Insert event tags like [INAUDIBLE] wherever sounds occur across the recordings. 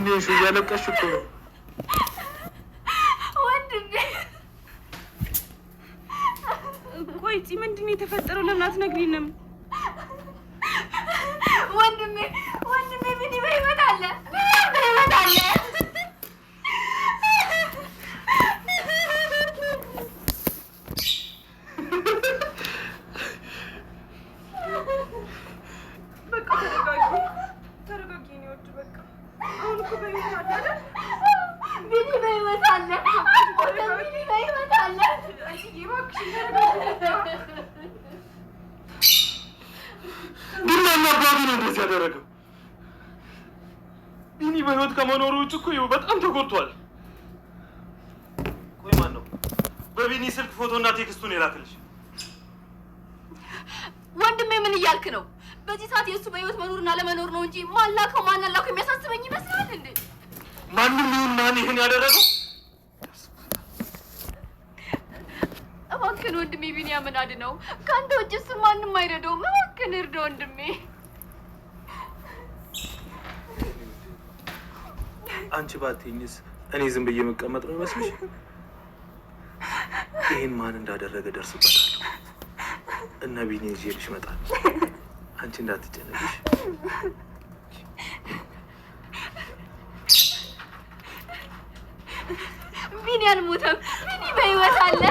ወንድሜ ሹ እያለቀሽ እኮ ነው ወንድሜ። ቆይ ፂ ምንድን ነው የተፈጠረው? ለምን አትነግሪንም? ወንድሜ ወንድሜ ምን ይበይመት ምን ይበይመት ቢላና አባቢ ነው እንደዚህ ያደረገው። ቢኒ በህይወት ከመኖሩ ውጭ እኮ በጣም ተጎድቷል። ቆይ ማን ነው በቢኒ ስልክ ፎቶና ቴክስቱን የላክልሽ? ወንድሜ ምን እያልክ ነው? በዚህ ሰዓት የእሱ በህይወት መኖርና ለመኖር ነው እንጂ ማላከው ማናላከው የሚያሳስበኝ ይመስላል እንዴ? ማንም ይሁን ማን ይህን ያደረገው እባክህን ወንድሜ ቢንያምን አድነው። ከአንተ ውጭ እሱ ማንም አይረዳውም። እባክህን እርዳው ወንድሜ። አንቺ ባትይኝስ እኔ ዝም ብዬ መቀመጥ ነው ይመስልሽ? ይህን ማን እንዳደረገ ደርስበታል እና ቢኒ ይዤልሽ እመጣለሁ። አንቺ እንዳትጨነቅሽ። ቢኒያን ሞተም ቢኒ በህይወት አለ።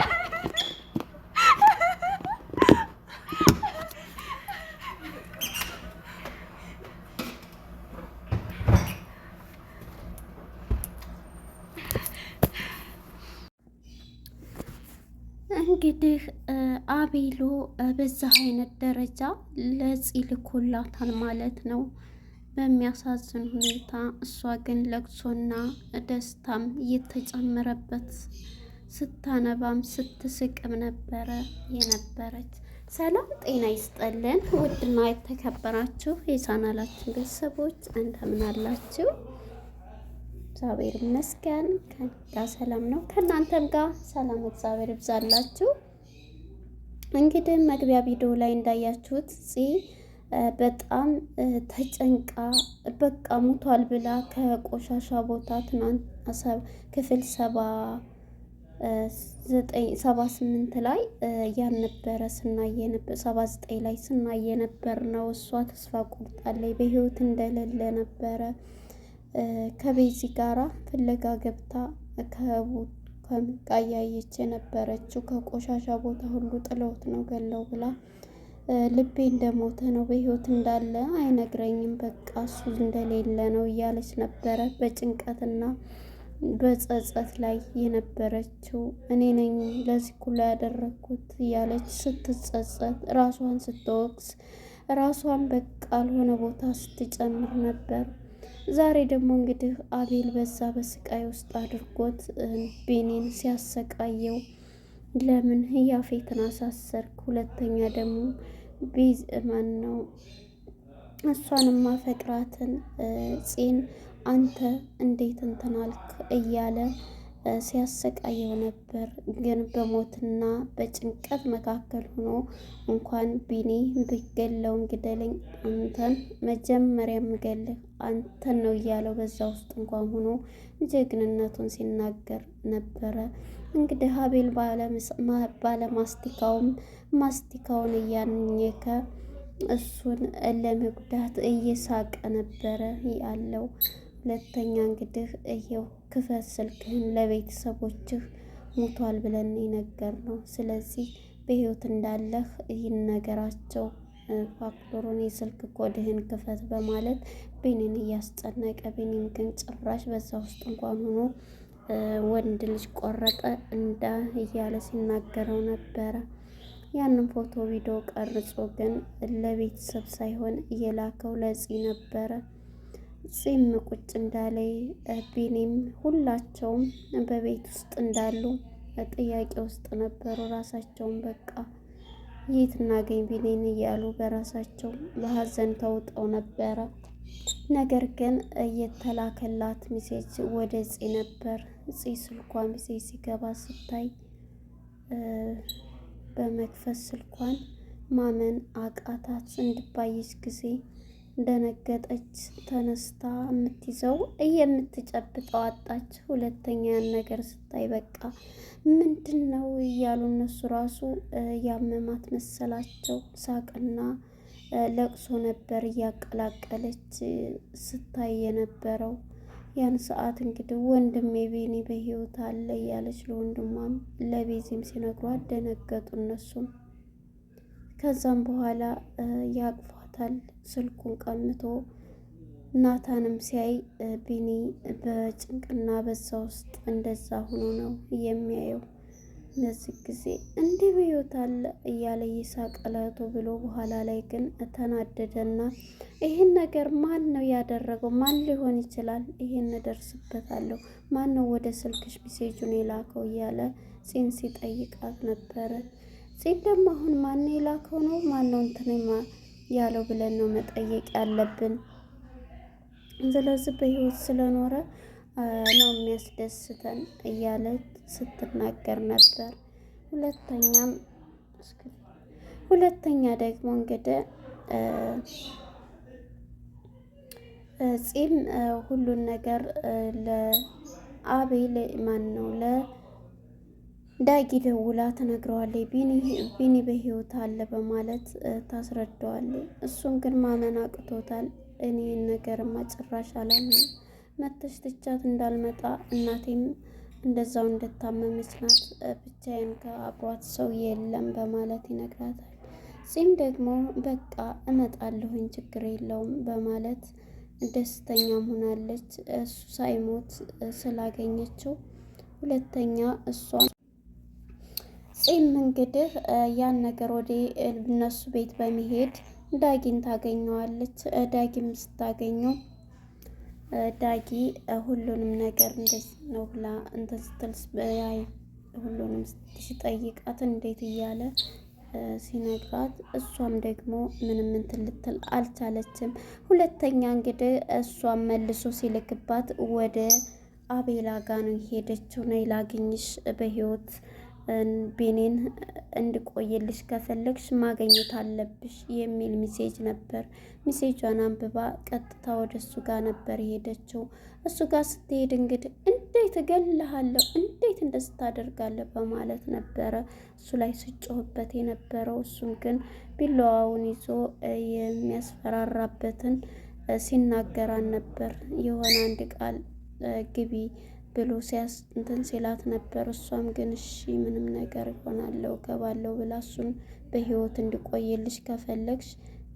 በዛ አይነት ደረጃ ለጽ ልኮላታል ማለት ነው። በሚያሳዝን ሁኔታ እሷ ግን ለቅሶና ደስታም እየተጨመረበት ስታነባም ስትስቅም ነበረ የነበረች። ሰላም ጤና ይስጠልን። ውድና የተከበራችሁ የቻናላችን ቤተሰቦች እንደምን አላችሁ? እግዚአብሔር ይመስገን ከጋ ሰላም ነው። ከእናንተም ጋር ሰላም እግዚአብሔር ይብዛላችሁ። እንግዲህ መግቢያ ቪዲዮ ላይ እንዳያችሁት ፂ በጣም ተጨንቃ በቃ ሙቷል ብላ ከቆሻሻ ቦታ ትናንት ክፍል ሰባ ሰባ ስምንት ላይ ያልነበረ ስናየ ነበር ሰባ ዘጠኝ ላይ ስናየ ነበር ነው። እሷ ተስፋ ቆርጣለች በህይወት እንደሌለ ነበረ ከቤዚ ጋራ ፍለጋ ገብታ ከቡት ከምቃ እያየች የነበረችው ከቆሻሻ ቦታ ሁሉ ጥለውት ነው ገለው ብላ ልቤ እንደሞተ ነው በህይወት እንዳለ አይነግረኝም፣ በቃ እሱ እንደሌለ ነው እያለች ነበረ በጭንቀትና በጸጸት ላይ የነበረችው። እኔ ነኝ ለዚህ ኩላ ያደረግኩት እያለች ስትጸጸት፣ ራሷን ስትወቅስ፣ ራሷን በቃ አልሆነ ቦታ ስትጨምር ነበር። ዛሬ ደግሞ እንግዲህ አቤል በዛ በስቃይ ውስጥ አድርጎት ቤኔን ሲያሰቃየው ለምን ያፌትን አሳሰርክ? ሁለተኛ ደግሞ ቢዝ ማን ነው እሷንማ ፈቅራትን ፂን አንተ እንዴት እንትናልክ እያለ ሲያሰቃየው ነበር። ግን በሞትና በጭንቀት መካከል ሆኖ እንኳን ቢኒ ብገለውም ግደለኝ፣ አንተን መጀመሪያ ምገልህ አንተን ነው እያለው በዛ ውስጥ እንኳን ሆኖ ጀግንነቱን ሲናገር ነበረ። እንግዲህ ሀቤል ባለማስቲካውም ማስቲካውን እያኘከ እሱን ለመጉዳት እየሳቀ ነበረ ያለው። ሁለተኛ እንግዲህ ይሄው ክፈት ስልክህን ለቤተሰቦችህ ሙቷል ብለን ነገር ነው። ስለዚህ በህይወት እንዳለህ ይነገራቸው ፋክቶሩን የስልክ ኮድህን ክፈት በማለት ቤኒን እያስጨነቀ፣ ቤኒም ግን ጭራሽ በዛ ውስጥ እንኳን ሆኖ ወንድ ልጅ ቆረጠ እንዳ እያለ ሲናገረው ነበረ። ያንን ፎቶ ቪዲዮ ቀርጾ ግን ለቤተሰብ ሳይሆን እየላከው ለፂ ነበረ። ጺም ቁጭ እንዳለ ቢኒም ሁላቸውም በቤት ውስጥ እንዳሉ ጥያቄ ውስጥ ነበሩ። ራሳቸውን በቃ የት እናገኝ ቢኒን እያሉ በራሳቸው በሀዘን ተውጠው ነበረ። ነገር ግን እየተላከላት ሚሴጅ ወደ ጺ ነበር። ጺ ስልኳ ሚሴጅ ሲገባ ስታይ በመክፈት ስልኳን ማመን አቃታት። እንድባየች ጊዜ ደነገጠች። ተነስታ የምትይዘው የምትጨብጠው አጣች። ሁለተኛ ነገር ስታይ በቃ ምንድን ነው እያሉ እነሱ ራሱ ያመማት መሰላቸው። ሳቅና ለቅሶ ነበር እያቀላቀለች ስታይ የነበረው። ያን ሰዓት እንግዲህ ወንድሜ ቤኔ በህይወት አለ እያለች ለወንድሟም ለቤዜም ሲነግሯት ደነገጡ እነሱም። ከዛም በኋላ ያቅፋ ይዟታል። ስልኩን ቀምቶ ናታንም ሲያይ ቢኒ በጭንቅና በዛ ውስጥ እንደዛ ሆኖ ነው የሚያየው። እነዚህ ጊዜ እንዲህ ብዮታል እያለ ይሳቅ ብሎ በኋላ ላይ ግን ተናደደና ይህን ነገር ማን ነው ያደረገው? ማን ሊሆን ይችላል? ይህን እደርስበታለሁ። ማን ነው ወደ ስልክሽ ሚሴጁን የላከው? እያለ ፂን ሲጠይቃት ነበረ። ፂን ደግሞ አሁን ማን የላከው ነው ማን ነው እንትን ያለው ብለን ነው መጠየቅ ያለብን። ስለዚህ በህይወት ስለኖረ ነው የሚያስደስተን እያለ ስትናገር ነበር። ሁለተኛም ሁለተኛ ደግሞ እንግዲህ ፂም ሁሉን ነገር ለአቤል ማን ነው ለ ዳጊ ደውላ ትነግረዋለች። ቢኒ በህይወት አለ በማለት ታስረዳዋለች። እሱን ግን ማመን አቅቶታል። እኔ ነገርማ ጭራሽ አላምንም። መተሽ ትቻት እንዳልመጣ እናቴም እንደዛው እንደታመመች ናት። ብቻዬን ከአብሯት ሰው የለም በማለት ይነግራታል። ጺም ደግሞ በቃ እመጣለሁኝ ችግር የለውም በማለት ደስተኛም ሆናለች። እሱ ሳይሞት ስላገኘችው ሁለተኛ እሷን ጺም እንግዲህ ያን ነገር ወደ እነሱ ቤት በመሄድ ዳጊን ታገኘዋለች። ዳጊም ስታገኘው ዳጊ ሁሉንም ነገር እንደዚህ ነው ብላ እንትን ስትል በያይ ሁሉንም ሲጠይቃት እንዴት እያለ ሲነግራት እሷም ደግሞ ምንም እንትን ልትል አልቻለችም። ሁለተኛ እንግዲህ እሷም መልሶ ሲልክባት ወደ አቤላ ጋ ነው የሄደችው። ነይ ላግኝሽ በህይወት ቤኔን እንድቆይልሽ ከፈለግሽ ማገኘት አለብሽ የሚል ሚሴጅ ነበር። ሚሴጇን አንብባ ቀጥታ ወደ እሱ ጋር ነበር የሄደችው። እሱ ጋር ስትሄድ እንግዲህ እንዴት እገልሃለሁ፣ እንዴት እንደዚህ ታደርጋለህ በማለት ነበረ እሱ ላይ ስጮህበት የነበረው። እሱም ግን ቢላዋውን ይዞ የሚያስፈራራበትን ሲናገራን ነበር የሆነ አንድ ቃል ግቢ ብሎ እንትን ሲላት ነበር። እሷም ግን እሺ ምንም ነገር ይሆናለው እገባለሁ ብላ እሱን በህይወት እንዲቆይልሽ ከፈለግሽ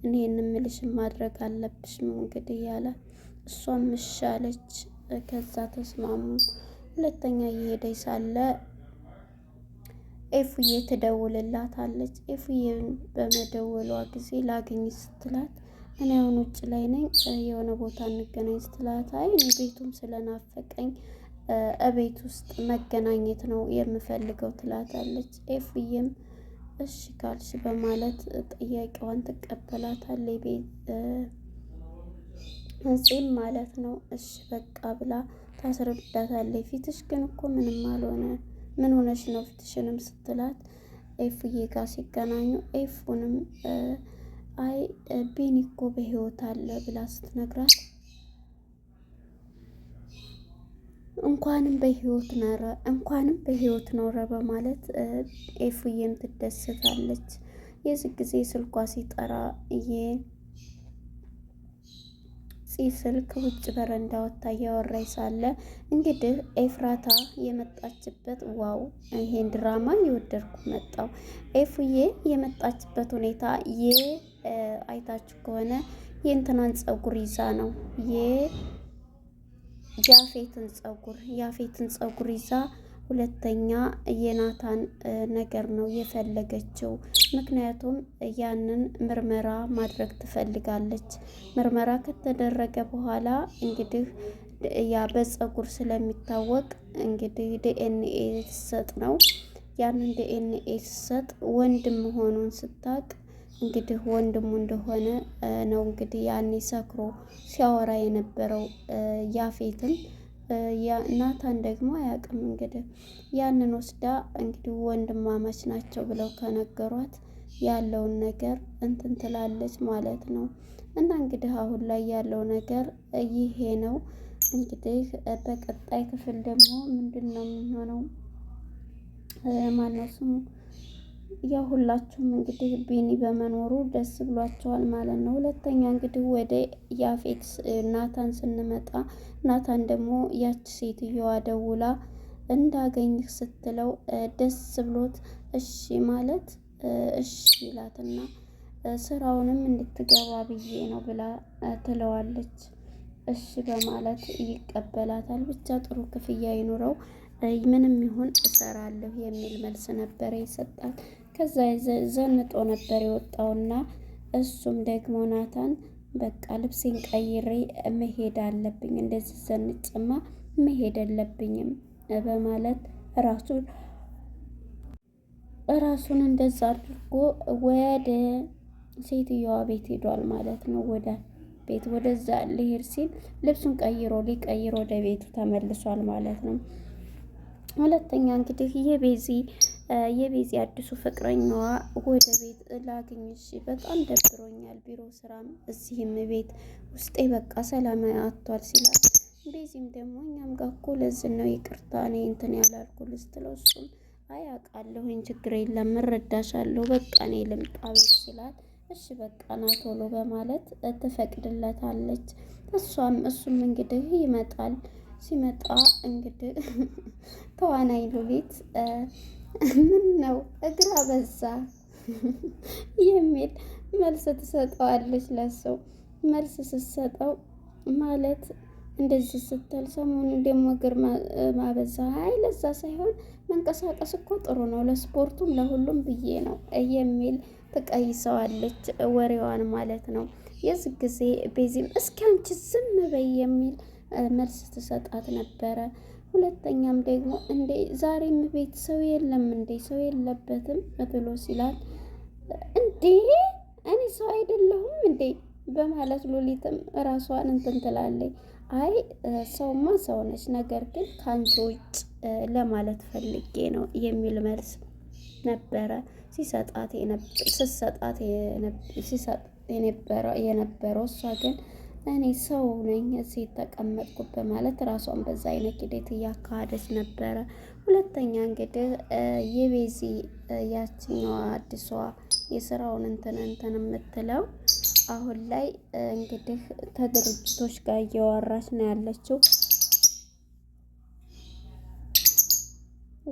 እኔን እምልሽን ማድረግ አለብሽም እንግዲህ ያለ እሷም እሺ አለች። ከዛ ተስማሙ። ሁለተኛ እየሄደች ሳለ ኤፉዬ ትደውልላታለች። ኤፉዬን በመደወሏ ጊዜ ላገኝ ስትላት እኔ አሁን ውጭ ላይ ነኝ የሆነ ቦታ እንገናኝ ስትላት አይ ቤቱም ስለናፈቀኝ እቤት ውስጥ መገናኘት ነው የምፈልገው ትላታለች። ኤፉዬም እሺ ካልሽ በማለት ጥያቄዋን ትቀበላታለች። ቤት ማለት ነው እሺ በቃ ብላ ታስረዳታለች። ፊትሽ ግን እኮ ምንም አልሆነ ምን ሆነሽ ነው ፊትሽንም ስትላት ኤፉዬ ጋር ሲገናኙ ኤፉንም አይ ቢኒ እኮ በህይወት አለ ብላ ስትነግራት እንኳንም በህይወት ኖረ እንኳንም በህይወት ኖረ በማለት ኤፉዬም ትደሰታለች። የዚህ ጊዜ ስልኳ ሲጠራ የፂ ስልክ ውጭ በረንዳ ወታ እያወራኝ ሳለ እንግዲህ ኤፍራታ የመጣችበት ዋው ይሄን ድራማ የወደድኩ መጣው። ኤፉዬ የመጣችበት ሁኔታ የ አይታችሁ ከሆነ የእንትናን ጸጉር ይዛ ነው የ ያፌትን ጸጉር ያፌትን ጸጉር ይዛ ሁለተኛ የናታን ነገር ነው የፈለገችው። ምክንያቱም ያንን ምርመራ ማድረግ ትፈልጋለች። ምርመራ ከተደረገ በኋላ እንግዲህ ያ በጸጉር ስለሚታወቅ እንግዲህ ዲኤንኤ ሲሰጥ ነው። ያንን ዲኤንኤ ሲሰጥ ወንድም መሆኑን ስታቅ እንግዲህ ወንድሙ እንደሆነ ነው እንግዲህ ያኔ ሰክሮ ሲያወራ የነበረው። ያፌትን ናታን ደግሞ አያውቅም። እንግዲህ ያንን ወስዳ እንግዲህ ወንድማማች ናቸው ብለው ከነገሯት ያለውን ነገር እንትን ትላለች ማለት ነው። እና እንግዲህ አሁን ላይ ያለው ነገር ይሄ ነው። እንግዲህ በቀጣይ ክፍል ደግሞ ምንድን ነው የሚሆነው? ማነው ስሙ ያው ሁላችሁም እንግዲህ ቢኒ በመኖሩ ደስ ብሏቸዋል ማለት ነው። ሁለተኛ እንግዲህ ወደ ያፌት ናታን ስንመጣ ናታን ደግሞ ያች ሴትዮዋ ደውላ እንዳገኝህ ስትለው ደስ ብሎት እሺ ማለት እሺ ይላትና ስራውንም እንድትገባ ብዬ ነው ብላ ትለዋለች። እሺ በማለት ይቀበላታል። ብቻ ጥሩ ክፍያ ይኑረው ምንም ይሁን እሰራለሁ የሚል መልስ ነበረ ይሰጣል። ከዛ ዘንጦ ነበር የወጣውና እሱም ደግሞ ናታን በቃ ልብሴን ቀይሬ መሄድ አለብኝ፣ እንደዚህ ዘንጭማ መሄድ አለብኝም በማለት ራሱን ራሱን እንደዛ አድርጎ ወደ ሴትየዋ ቤት ሄዷል ማለት ነው። ወደ ቤት ወደዛ ሊሄድ ሲል ልብሱን ቀይሮ ሊቀይር ወደ ቤቱ ተመልሷል ማለት ነው። ሁለተኛ እንግዲህ ይሄ ቤዚ የቤዚ አዲሱ ፍቅረኛዋ ወደ ቤት ላግኝሽ፣ በጣም ደብሮኛል፣ ቢሮ ስራም እዚህም ቤት ውስጤ በቃ ሰላም አጥቷል ሲላል፣ ቤዚም ደግሞ እኛም ጋር እኮ ለዝን ነው ይቅርታ እኔ እንትን ያላልኩ ልስትለው፣ እሱም አያውቃለሁኝ ችግር የለም እረዳሻለሁ፣ በቃ እኔ ልምጣ ቤት ሲላል እሺ በቃ ና ቶሎ በማለት ትፈቅድለታለች። እሷም እሱም እንግዲህ ይመጣል። ሲመጣ እንግዲህ [LAUGHS] ተዋናይ ሉሊት ምን ነው እግራ በዛ የሚል መልስ ትሰጠዋለች። ለሰው መልስ ስትሰጠው ማለት እንደዚህ ስትል ሰሞኑ ደግሞ እግር ማበዛ አይ ለዛ ሳይሆን መንቀሳቀስ እኮ ጥሩ ነው ለስፖርቱም ለሁሉም ብዬ ነው የሚል ትቀይሰዋለች ወሬዋን ማለት ነው። የዚ ጊዜ ቤዚም እስኪ አንቺ ዝም በይ የሚል መልስ ትሰጣት ነበረ። ሁለተኛም ደግሞ እንዴ ዛሬም ቤት ሰው የለም እንዴ ሰው የለበትም ብሎ ሲላት እንዴ እኔ ሰው አይደለሁም እንዴ በማለት ሉሊትም ራሷን እንትን ትላለች። አይ ሰውማ ሰው ነች፣ ነገር ግን ከአንቺ ውጭ ለማለት ፈልጌ ነው የሚል መልስ ነበረ ሲሰጣት የነበረው እሷ ግን እኔ ሰው ነኝ እዚህ ተቀመጥኩ በማለት ራሷን በዛ አይነት ሂደት እያካሄደች ነበረ። ሁለተኛ እንግዲህ የቤዚ ያችኛዋ አዲሷ የስራውን እንትን እንትን የምትለው አሁን ላይ እንግዲህ ከድርጅቶች ጋር እያወራች ነው ያለችው።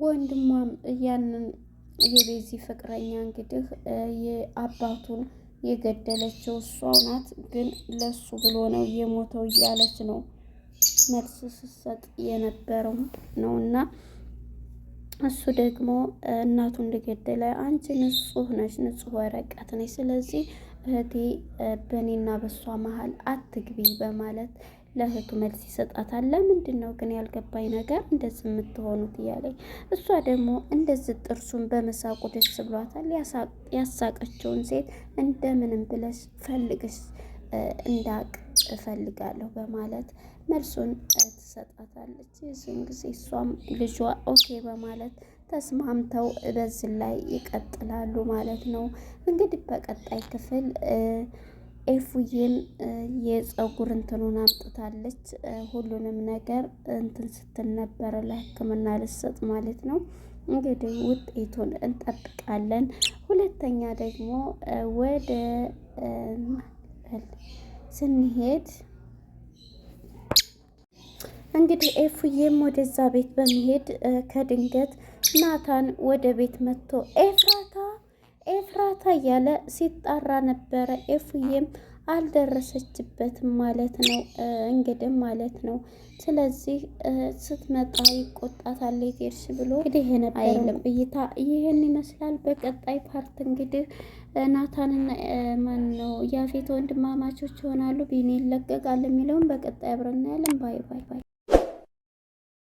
ወንድሟም ያንን የቤዚ ፍቅረኛ እንግዲህ የአባቱን የገደለችው እሷው ናት፣ ግን ለሱ ብሎ ነው የሞተው እያለች ነው መልስ ስትሰጥ የነበረው ነው እና እሱ ደግሞ እናቱ እንደገደለ አንቺ ንጹህ ነች፣ ንጹህ ወረቀት ነች፣ ስለዚህ እህቴ በእኔና በእሷ መሀል አትግቢ በማለት ለእህቱ መልስ ይሰጣታል። ለምንድን ነው ግን ያልገባኝ ነገር እንደዚህ የምትሆኑት እያለኝ እሷ ደግሞ እንደዚህ ጥርሱን በመሳቁ ደስ ብሏታል። ያሳቀችውን ሴት እንደምንም ብለሽ ፈልግሽ እንዳቅ እፈልጋለሁ በማለት መልሱን ትሰጣታለች። የዚህን ጊዜ እሷም ልጇ ኦኬ በማለት ተስማምተው በዚህ ላይ ይቀጥላሉ ማለት ነው። እንግዲህ በቀጣይ ክፍል ኤፉዬም የፀጉር እንትኑን አምጥታለች። ሁሉንም ነገር እንትን ስትል ነበረ ለሕክምና ልሰጥ ማለት ነው። እንግዲህ ውጤቱን እንጠብቃለን። ሁለተኛ ደግሞ ወደ ስንሄድ እንግዲህ ኤፉዬም ወደዛ ቤት በመሄድ ከድንገት ናታን ወደ ቤት መጥቶ ኤፍራ እያለ ሲጣራ ነበረ። ኤፉዬም አልደረሰችበትም ማለት ነው እንግዲህ ማለት ነው። ስለዚህ ስትመጣ ይቆጣታል ሄድሽ ብሎ እንግዲህ የነበረው እይታ ይህን ይመስላል። በቀጣይ ፓርት እንግዲህ ናታንና ማን ነው ያፌት ወንድማማቾች ይሆናሉ ቢኒ ይለቀቃል የሚለውን በቀጣይ አብረን እናያለን። ባይ ባይ ባይ